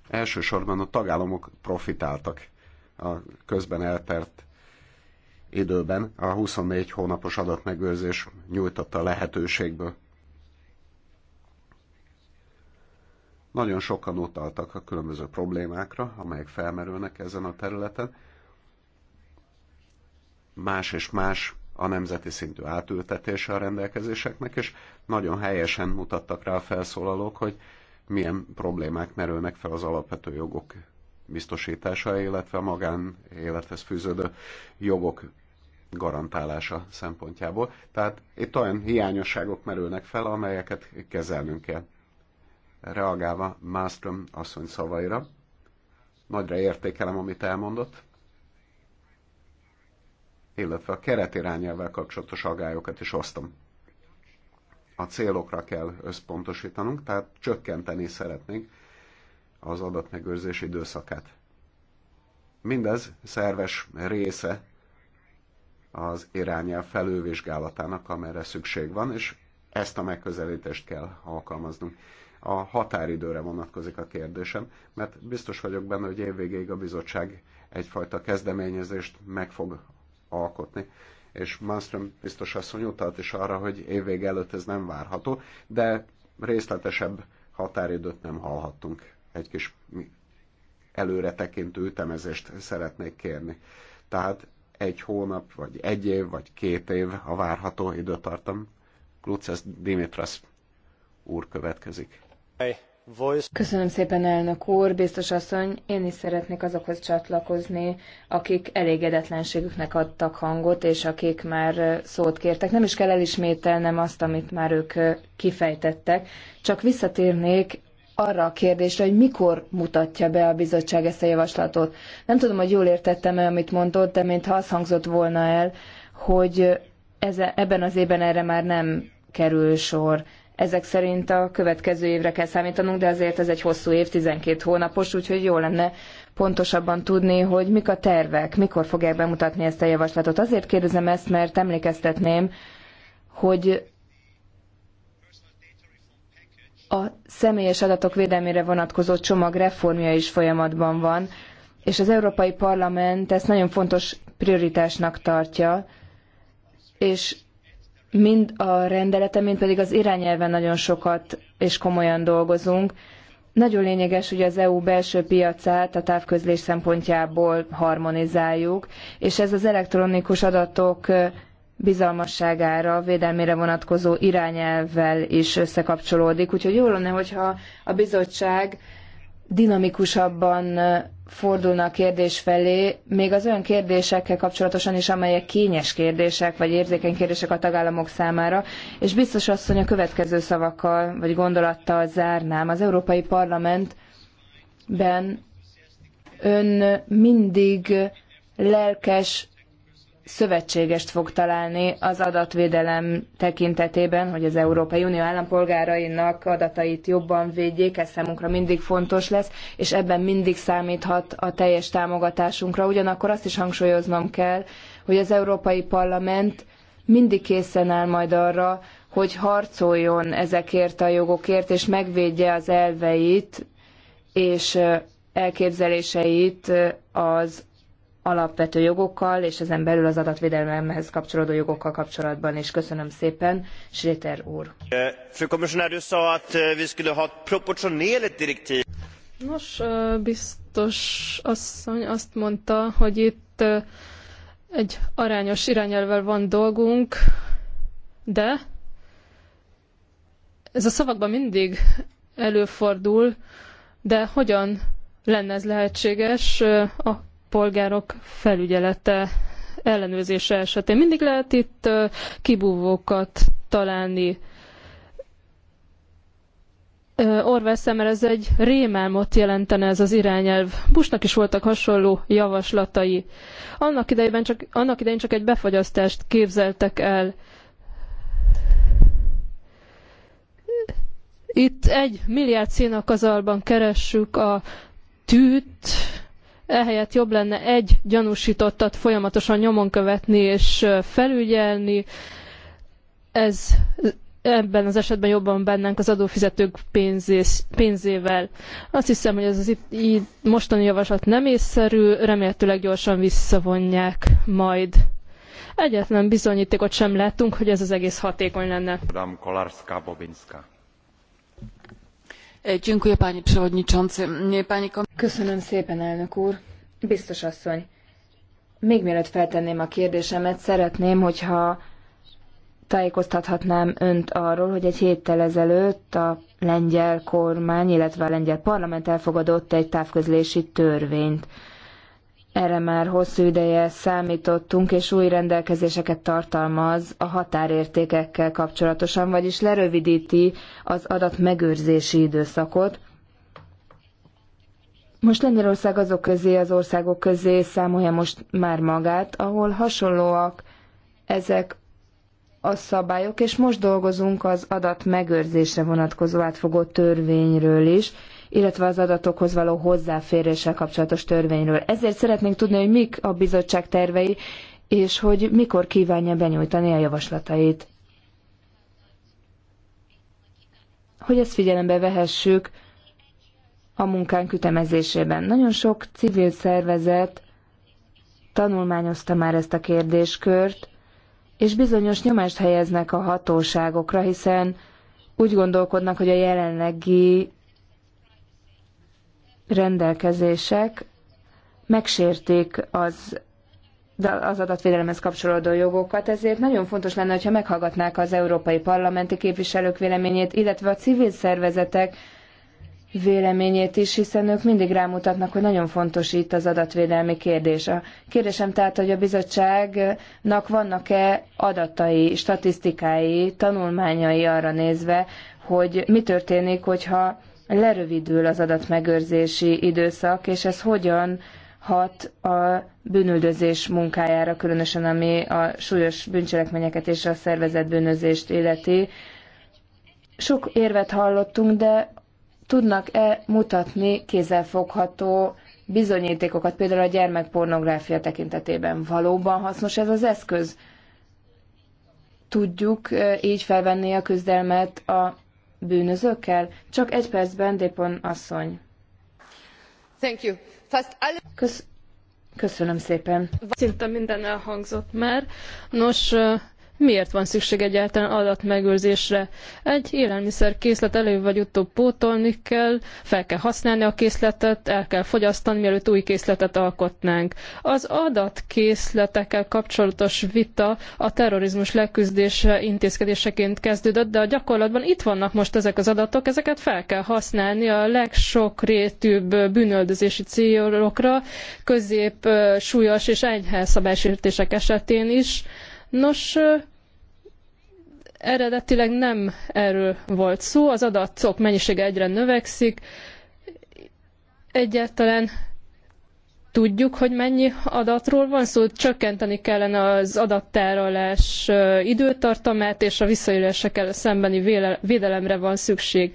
elsősorban a tagállamok profitáltak a közben eltert időben. A 24 hónapos adatmegőrzés nyújtotta a lehetőségből. Nagyon sokan utaltak a különböző problémákra, amelyek felmerülnek ezen a területen. Más és más a nemzeti szintű átültetése a rendelkezéseknek, és nagyon helyesen mutattak rá a felszólalók, hogy milyen problémák merülnek fel az alapvető jogok biztosítása, illetve a magán élethez fűződő jogok garantálása szempontjából. Tehát itt olyan hiányosságok merülnek fel, amelyeket kezelnünk kell. Reagálva Mástrom asszony szavaira, nagyra értékelem, amit elmondott, illetve a keretirányelvvel kapcsolatos agályokat is osztom. A célokra kell összpontosítanunk, tehát csökkenteni szeretnénk az adatmegőrzés időszakát. Mindez szerves része az irányelv felővizsgálatának, amelyre szükség van, és ezt a megközelítést kell alkalmaznunk. A határidőre vonatkozik a kérdésem, mert biztos vagyok benne, hogy évvégéig a bizottság egyfajta kezdeményezést meg fog alkotni. És Malmström biztos asszony utalt is arra, hogy évvége előtt ez nem várható, de részletesebb határidőt nem hallhattunk. Egy kis előre tekintő ütemezést szeretnék kérni. Tehát egy hónap, vagy egy év, vagy két év a várható időtartam. Lucas Dimitras úr következik. Hey. Köszönöm szépen, elnök úr, biztos asszony. Én is szeretnék azokhoz csatlakozni, akik elégedetlenségüknek adtak hangot, és akik már szót kértek. Nem is kell elismételnem azt, amit már ők kifejtettek, csak visszatérnék arra a kérdésre, hogy mikor mutatja be a bizottság ezt a javaslatot. Nem tudom, hogy jól értettem-e, amit mondott, de mintha az hangzott volna el, hogy ez, e- ebben az évben erre már nem kerül sor. Ezek szerint a következő évre kell számítanunk, de azért ez egy hosszú év, 12 hónapos, úgyhogy jó lenne pontosabban tudni, hogy mik a tervek, mikor fogják bemutatni ezt a javaslatot. Azért kérdezem ezt, mert emlékeztetném, hogy a személyes adatok védelmére vonatkozó csomag reformja is folyamatban van, és az Európai Parlament ezt nagyon fontos prioritásnak tartja, és mind a rendeleten, mind pedig az irányelven nagyon sokat és komolyan dolgozunk. Nagyon lényeges, hogy az EU belső piacát a távközlés szempontjából harmonizáljuk, és ez az elektronikus adatok bizalmasságára, védelmére vonatkozó irányelvvel is összekapcsolódik. Úgyhogy jó lenne, hogyha a bizottság dinamikusabban fordulna a kérdés felé, még az olyan kérdésekkel kapcsolatosan is, amelyek kényes kérdések, vagy érzékeny kérdések a tagállamok számára, és biztos asszony a következő szavakkal, vagy gondolattal zárnám. Az Európai Parlamentben ön mindig lelkes szövetségest fog találni az adatvédelem tekintetében, hogy az Európai Unió állampolgárainak adatait jobban védjék, ez számunkra mindig fontos lesz, és ebben mindig számíthat a teljes támogatásunkra. Ugyanakkor azt is hangsúlyoznom kell, hogy az Európai Parlament mindig készen áll majd arra, hogy harcoljon ezekért a jogokért, és megvédje az elveit és elképzeléseit az alapvető jogokkal, és ezen belül az adatvédelemhez kapcsolódó jogokkal kapcsolatban is. Köszönöm szépen, Schréter úr. Eh, Nos, eh, biztos asszony azt mondta, hogy itt eh, egy arányos irányelvvel van dolgunk, de ez a szavakban mindig előfordul, de hogyan lenne ez lehetséges a polgárok felügyelete ellenőrzése esetén. Mindig lehet itt kibúvókat találni. Orwell szemmel ez egy rémálmot jelentene ez az irányelv. Busnak is voltak hasonló javaslatai. Annak, idején csak, annak idején csak egy befagyasztást képzeltek el. Itt egy milliárd színakazalban keressük a tűt, ehelyett jobb lenne egy gyanúsítottat folyamatosan nyomon követni és felügyelni. Ez ebben az esetben jobban bennünk az adófizetők pénzés, pénzével. Azt hiszem, hogy ez az itt, így, mostani javaslat nem észszerű, remélhetőleg gyorsan visszavonják majd. Egyetlen bizonyítékot sem láttunk, hogy ez az egész hatékony lenne. Madame Kolarska-Bobinska. E, Köszönöm szépen, elnök úr. Biztos asszony, még mielőtt feltenném a kérdésemet, szeretném, hogyha tájékoztathatnám önt arról, hogy egy héttel ezelőtt a lengyel kormány, illetve a lengyel parlament elfogadott egy távközlési törvényt. Erre már hosszú ideje számítottunk, és új rendelkezéseket tartalmaz a határértékekkel kapcsolatosan, vagyis lerövidíti az adat megőrzési időszakot. Most Lengyelország azok közé, az országok közé számolja most már magát, ahol hasonlóak ezek a szabályok, és most dolgozunk az adat megőrzésre vonatkozó átfogó törvényről is, illetve az adatokhoz való hozzáféréssel kapcsolatos törvényről. Ezért szeretnénk tudni, hogy mik a bizottság tervei, és hogy mikor kívánja benyújtani a javaslatait. Hogy ezt figyelembe vehessük a munkánk ütemezésében. Nagyon sok civil szervezet tanulmányozta már ezt a kérdéskört, és bizonyos nyomást helyeznek a hatóságokra, hiszen úgy gondolkodnak, hogy a jelenlegi rendelkezések megsértik az az adatvédelemhez kapcsolódó jogokat, ezért nagyon fontos lenne, hogyha meghallgatnák az európai parlamenti képviselők véleményét, illetve a civil szervezetek véleményét is, hiszen ők mindig rámutatnak, hogy nagyon fontos itt az adatvédelmi kérdés. A kérdésem tehát, hogy a bizottságnak vannak-e adatai, statisztikái, tanulmányai arra nézve, hogy mi történik, hogyha lerövidül az adatmegőrzési időszak, és ez hogyan hat a bűnüldözés munkájára, különösen ami a súlyos bűncselekményeket és a szervezett bűnözést illeti. Sok érvet hallottunk, de tudnak-e mutatni kézzelfogható bizonyítékokat, például a gyermekpornográfia tekintetében. Valóban hasznos ez az eszköz? Tudjuk eh, így felvenni a küzdelmet a bűnözőkkel? Csak egy percben, Bendépon asszony. Thank you. Fast all... Kösz... Köszönöm szépen. Szinte minden elhangzott már. Nos, miért van szükség egyáltalán adatmegőrzésre. Egy élelmiszer készlet elő vagy utóbb pótolni kell, fel kell használni a készletet, el kell fogyasztani, mielőtt új készletet alkotnánk. Az adatkészletekkel kapcsolatos vita a terrorizmus leküzdése intézkedéseként kezdődött, de a gyakorlatban itt vannak most ezek az adatok, ezeket fel kell használni a legsokrétűbb bűnöldözési célokra, közép, súlyos és enyhe szabálysértések esetén is. Nos, eredetileg nem erről volt szó, az adatok mennyisége egyre növekszik, egyáltalán tudjuk, hogy mennyi adatról van szó, csökkenteni kellene az adattárolás időtartamát, és a visszaélésekkel szembeni védelemre van szükség.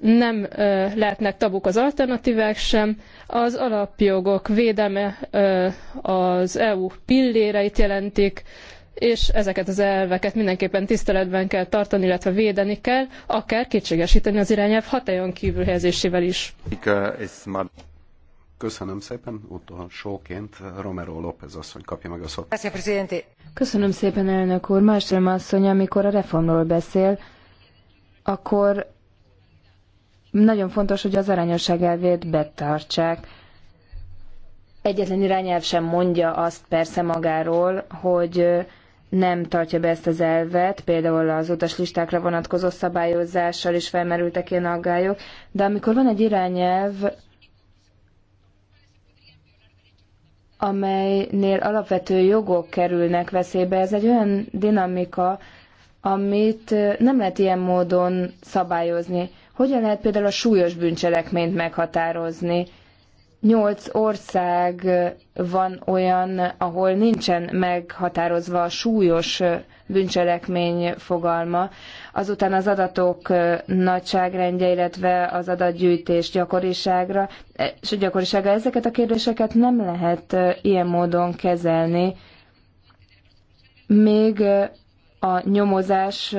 Nem lehetnek tabuk az alternatívák sem. Az alapjogok védelme az EU pilléreit jelentik, és ezeket az elveket mindenképpen tiszteletben kell tartani, illetve védeni kell, akár kétségesíteni az irányelv hatályon kívül helyezésével is. Köszönöm szépen, utol Romero López asszony kapja meg a szót. Köszönöm szépen, elnök úr. Másrém asszony, amikor a reformról beszél, akkor nagyon fontos, hogy az arányosság elvét betartsák. Egyetlen irányelv sem mondja azt persze magáról, hogy nem tartja be ezt az elvet, például az utaslistákra vonatkozó szabályozással is felmerültek ilyen aggályok, de amikor van egy irányelv, amelynél alapvető jogok kerülnek veszélybe, ez egy olyan dinamika, amit nem lehet ilyen módon szabályozni. Hogyan lehet például a súlyos bűncselekményt meghatározni? Nyolc ország van olyan, ahol nincsen meghatározva a súlyos bűncselekmény fogalma. Azután az adatok nagyságrendje, illetve az adatgyűjtés gyakoriságra, és a gyakorisága ezeket a kérdéseket nem lehet eh, ilyen módon kezelni, még eh, a nyomozás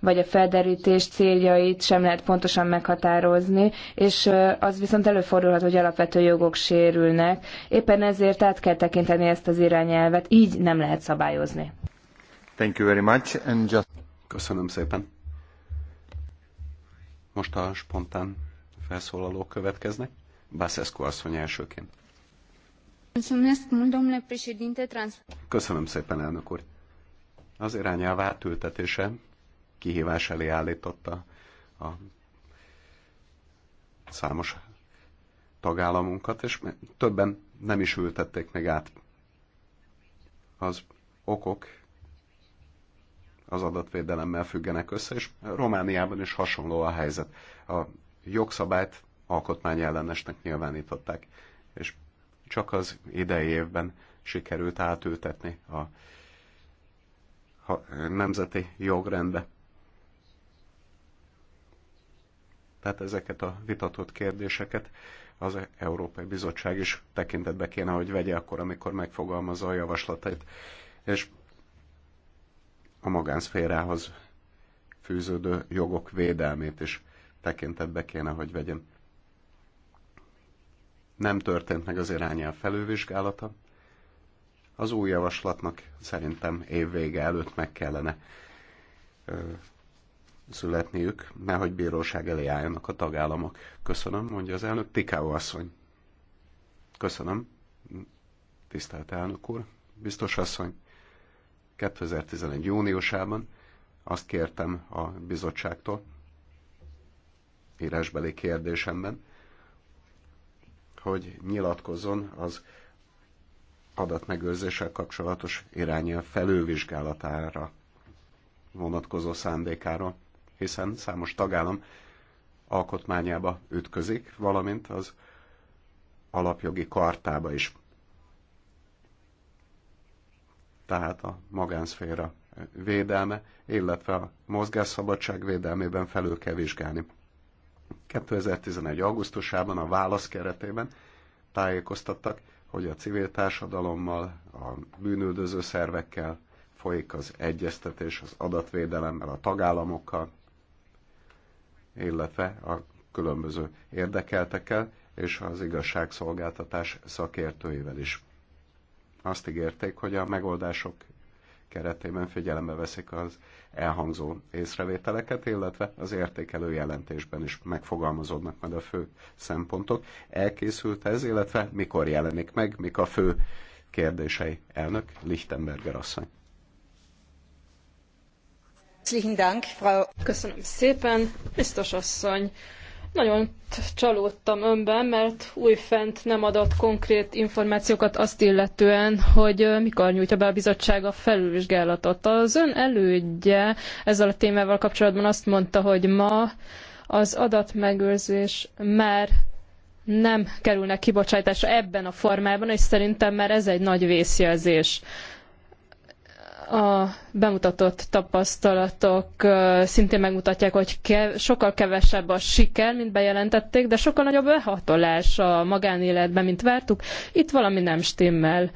vagy a felderítés céljait sem lehet pontosan meghatározni, és az viszont előfordulhat, hogy alapvető jogok sérülnek. Éppen ezért át kell tekinteni ezt az irányelvet, így nem lehet szabályozni. Thank you very much and just... Köszönöm szépen. Most a spontán felszólalók következnek. Baszeszko asszony elsőként. Köszönöm szépen, elnök úr az irányelv átültetése kihívás elé állította a számos tagállamunkat, és többen nem is ültették meg át. Az okok az adatvédelemmel függenek össze, és Romániában is hasonló a helyzet. A jogszabályt alkotmány ellenesnek nyilvánították, és csak az idei évben sikerült átültetni a nemzeti jogrendbe. Tehát ezeket a vitatott kérdéseket az Európai Bizottság is tekintetbe kéne, hogy vegye akkor, amikor megfogalmazza a javaslatait. És a magánszférához fűződő jogok védelmét is tekintetbe kéne, hogy vegyem. Nem történt meg az irányel felülvizsgálata, az új javaslatnak szerintem évvége előtt meg kellene ö, születniük, nehogy bíróság elé álljanak a tagállamok. Köszönöm, mondja az elnök. Tikáó asszony. Köszönöm, tisztelt elnök úr. Biztos asszony, 2011. júniusában azt kértem a bizottságtól, írásbeli kérdésemben, hogy nyilatkozzon az adatmegőrzéssel kapcsolatos irányelv felővizsgálatára vonatkozó szándékáról, hiszen számos tagállam alkotmányába ütközik, valamint az alapjogi kartába is. Tehát a magánszféra védelme, illetve a mozgásszabadság védelmében felül kell vizsgálni. 2011. augusztusában a válasz keretében tájékoztattak hogy a civil társadalommal, a bűnüldöző szervekkel folyik az egyeztetés az adatvédelemmel, a tagállamokkal, illetve a különböző érdekeltekkel és az igazságszolgáltatás szakértőivel is. Azt ígérték, hogy a megoldások keretében figyelembe veszik az elhangzó észrevételeket, illetve az értékelő jelentésben is megfogalmazódnak majd a fő szempontok. Elkészült ez, illetve mikor jelenik meg, mik a fő kérdései elnök Lichtenberger asszony. Köszönöm szépen, biztos asszony. Nagyon csalódtam önben, mert újfent nem adott konkrét információkat azt illetően, hogy mikor nyújtja be a bizottság a felülvizsgálatot. Az ön elődje ezzel a témával kapcsolatban azt mondta, hogy ma az adatmegőrzés már nem kerülnek kibocsátásra ebben a formában, és szerintem már ez egy nagy vészjelzés. A bemutatott tapasztalatok szintén megmutatják, hogy sokkal kevesebb a siker, mint bejelentették, de sokkal nagyobb a behatolás a magánéletben, mint vártuk. Itt valami nem stimmel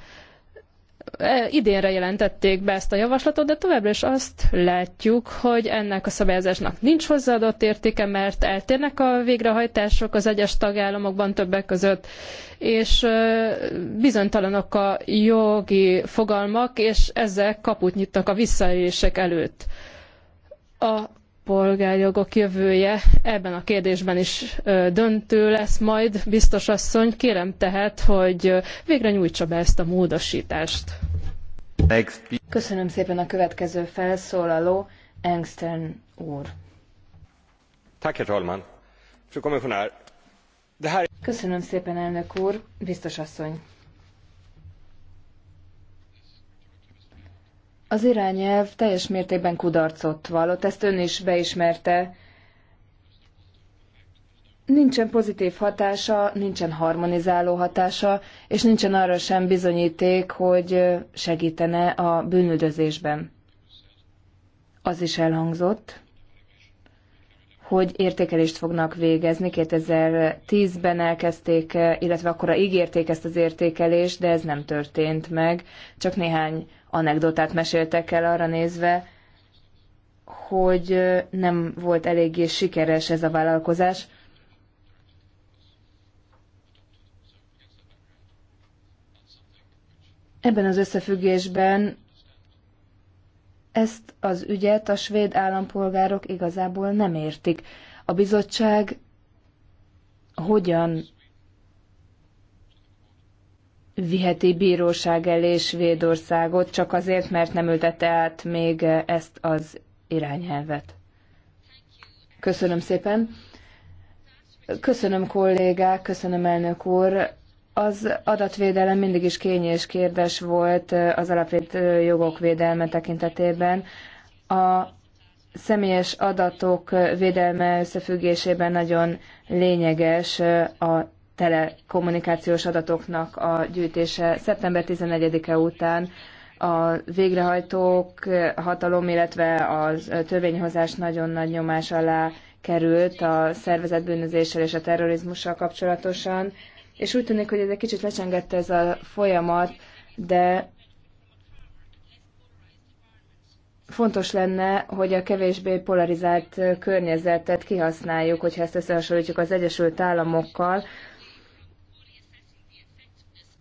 idénre jelentették be ezt a javaslatot, de továbbra is azt látjuk, hogy ennek a szabályozásnak nincs hozzáadott értéke, mert eltérnek a végrehajtások az egyes tagállamokban többek között, és bizonytalanok a jogi fogalmak, és ezek kaput nyitnak a visszaélések előtt. A polgárjogok jövője ebben a kérdésben is döntő lesz majd. Biztos asszony, kérem tehát, hogy végre nyújtsa be ezt a módosítást. Köszönöm szépen a következő felszólaló, Engstern úr. Köszönöm szépen, elnök úr, biztos asszony. Az irányelv teljes mértékben kudarcot vallott, ezt ön is beismerte. Nincsen pozitív hatása, nincsen harmonizáló hatása, és nincsen arra sem bizonyíték, hogy segítene a bűnüldözésben. Az is elhangzott, hogy értékelést fognak végezni. 2010-ben elkezdték, illetve akkor ígérték ezt az értékelést, de ez nem történt meg. Csak néhány anekdotát meséltek el arra nézve, hogy nem volt eléggé sikeres ez a vállalkozás. Ebben az összefüggésben ezt az ügyet a svéd állampolgárok igazából nem értik. A bizottság hogyan viheti bíróság elé Svédországot, csak azért, mert nem ültette át még ezt az irányelvet. Köszönöm szépen. Köszönöm kollégák, köszönöm elnök úr. Az adatvédelem mindig is kényes kérdés volt az alapvét jogok védelme tekintetében. A személyes adatok védelme összefüggésében nagyon lényeges a telekommunikációs adatoknak a gyűjtése szeptember 11-e után a végrehajtók hatalom, illetve a törvényhozás nagyon nagy nyomás alá került a szervezetbűnözéssel és a terrorizmussal kapcsolatosan, és úgy tűnik, hogy ez egy kicsit lecsengette ez a folyamat, de fontos lenne, hogy a kevésbé polarizált környezetet kihasználjuk, hogyha ezt összehasonlítjuk az Egyesült Államokkal,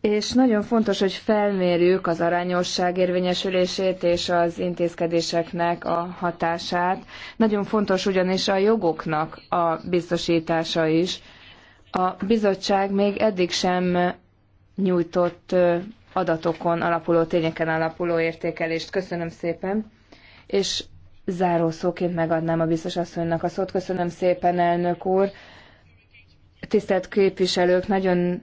és nagyon fontos, hogy felmérjük az arányosság érvényesülését és az intézkedéseknek a hatását. Nagyon fontos ugyanis a jogoknak a biztosítása is. A bizottság még eddig sem nyújtott adatokon alapuló, tényeken alapuló értékelést. Köszönöm szépen. És zárószóként megadnám a biztos asszonynak a szót. Köszönöm szépen, elnök úr. Tisztelt képviselők, nagyon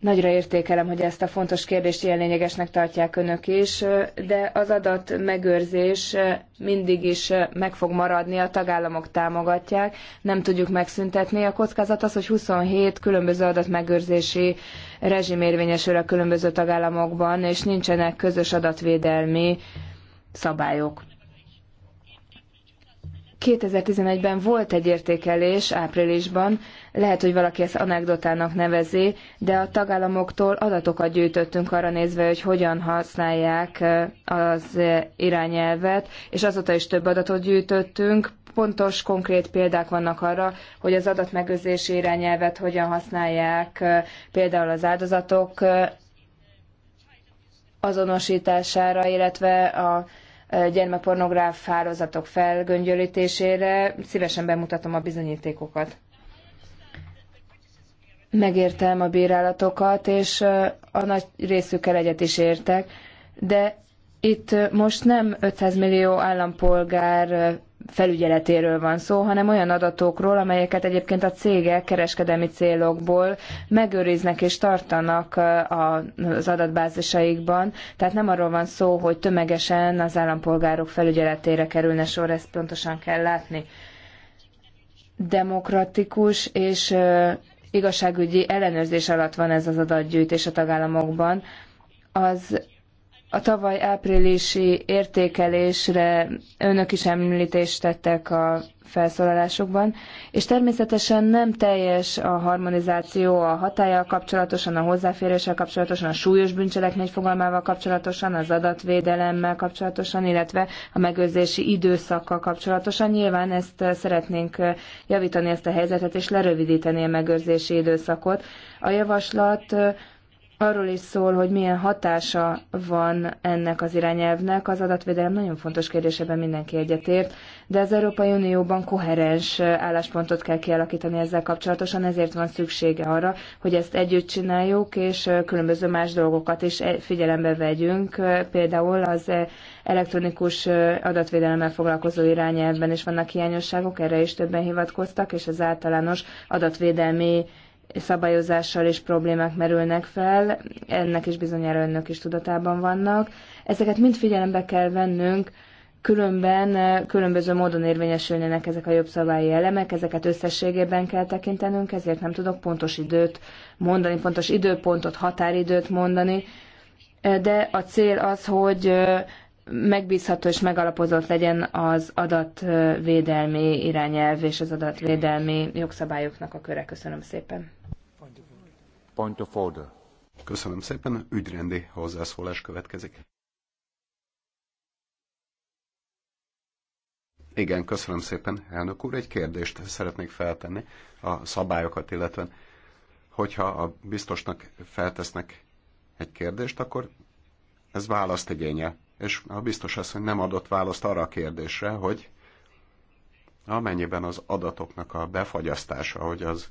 Nagyra értékelem, hogy ezt a fontos kérdést ilyen lényegesnek tartják önök is, de az adat megőrzés mindig is meg fog maradni, a tagállamok támogatják, nem tudjuk megszüntetni. A kockázat az, hogy 27 különböző adatmegőrzési rezsim érvényesül a különböző tagállamokban, és nincsenek közös adatvédelmi szabályok. 2011-ben volt egy értékelés áprilisban, lehet, hogy valaki ezt anekdotának nevezi, de a tagállamoktól adatokat gyűjtöttünk arra nézve, hogy hogyan használják az irányelvet, és azóta is több adatot gyűjtöttünk. Pontos, konkrét példák vannak arra, hogy az adatmegőrzési irányelvet hogyan használják például az áldozatok azonosítására, illetve a gyermekpornográf hálózatok felgöngyölítésére. Szívesen bemutatom a bizonyítékokat. Megértem a bírálatokat, és a nagy részükkel egyet is értek, de itt most nem 500 millió állampolgár felügyeletéről van szó, hanem olyan adatokról, amelyeket egyébként a cégek kereskedelmi célokból megőriznek és tartanak az adatbázisaikban. Tehát nem arról van szó, hogy tömegesen az állampolgárok felügyeletére kerülne sor, ezt pontosan kell látni. Demokratikus és igazságügyi ellenőrzés alatt van ez az adatgyűjtés a tagállamokban. Az a tavaly áprilisi értékelésre önök is említést tettek a felszólalásokban, és természetesen nem teljes a harmonizáció a hatája kapcsolatosan, a hozzáféréssel kapcsolatosan, a súlyos bűncselekmény fogalmával kapcsolatosan, az adatvédelemmel kapcsolatosan, illetve a megőrzési időszakkal kapcsolatosan. Nyilván ezt eh, szeretnénk eh, javítani ezt a helyzetet, és lerövidíteni a megőrzési időszakot. A javaslat eh, arról is szól, hogy milyen hatása van ennek az irányelvnek. Az adatvédelem nagyon fontos ebben mindenki egyetért, de az Európai Unióban koherens álláspontot kell kialakítani ezzel kapcsolatosan, ezért van szüksége arra, hogy ezt együtt csináljuk, és különböző más dolgokat is e- figyelembe vegyünk. Például az elektronikus adatvédelemmel foglalkozó irányelvben is vannak hiányosságok, erre is többen hivatkoztak, és az általános adatvédelmi szabályozással és problémák merülnek fel, ennek is bizonyára önök is tudatában vannak. Ezeket mind figyelembe kell vennünk, különben különböző módon érvényesülnének ezek a jobb szabályi elemek, ezeket összességében kell tekintenünk, ezért nem tudok pontos időt mondani, pontos időpontot, határidőt mondani, de a cél az, hogy megbízható és megalapozott legyen az adatvédelmi irányelv és az adatvédelmi jogszabályoknak a köre. Köszönöm szépen. Point of order. Köszönöm szépen. Ügyrendi hozzászólás következik. Igen, köszönöm szépen, elnök úr. Egy kérdést szeretnék feltenni a szabályokat, illetve hogyha a biztosnak feltesznek egy kérdést, akkor ez választ igényel és a biztos az, hogy nem adott választ arra a kérdésre, hogy amennyiben az adatoknak a befagyasztása, hogy az,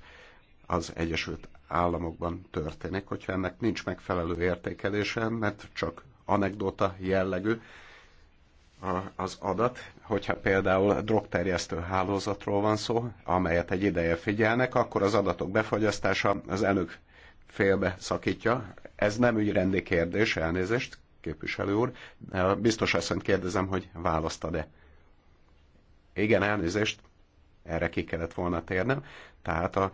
az Egyesült Államokban történik, hogyha ennek nincs megfelelő értékelése, mert csak anekdota jellegű az adat, hogyha például a drogterjesztő hálózatról van szó, amelyet egy ideje figyelnek, akkor az adatok befagyasztása az elők félbe szakítja. Ez nem ügyrendi kérdés, elnézést, képviselő úr. Biztos asszonyt kérdezem, hogy választad e Igen, elnézést, erre ki kellett volna térnem. Tehát a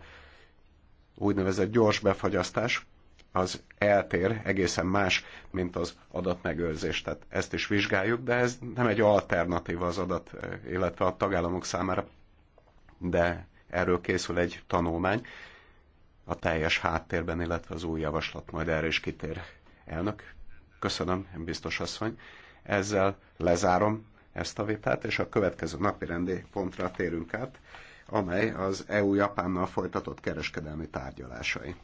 úgynevezett gyors befagyasztás az eltér egészen más, mint az adatmegőrzés. Tehát ezt is vizsgáljuk, de ez nem egy alternatíva az adat, illetve a tagállamok számára, de erről készül egy tanulmány a teljes háttérben, illetve az új javaslat majd erre is kitér. Elnök, Köszönöm, biztos asszony. Ezzel lezárom ezt a vitát, és a következő napi rendi pontra térünk át, amely az EU-Japánnal folytatott kereskedelmi tárgyalásai.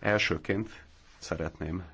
Elsőként szeretném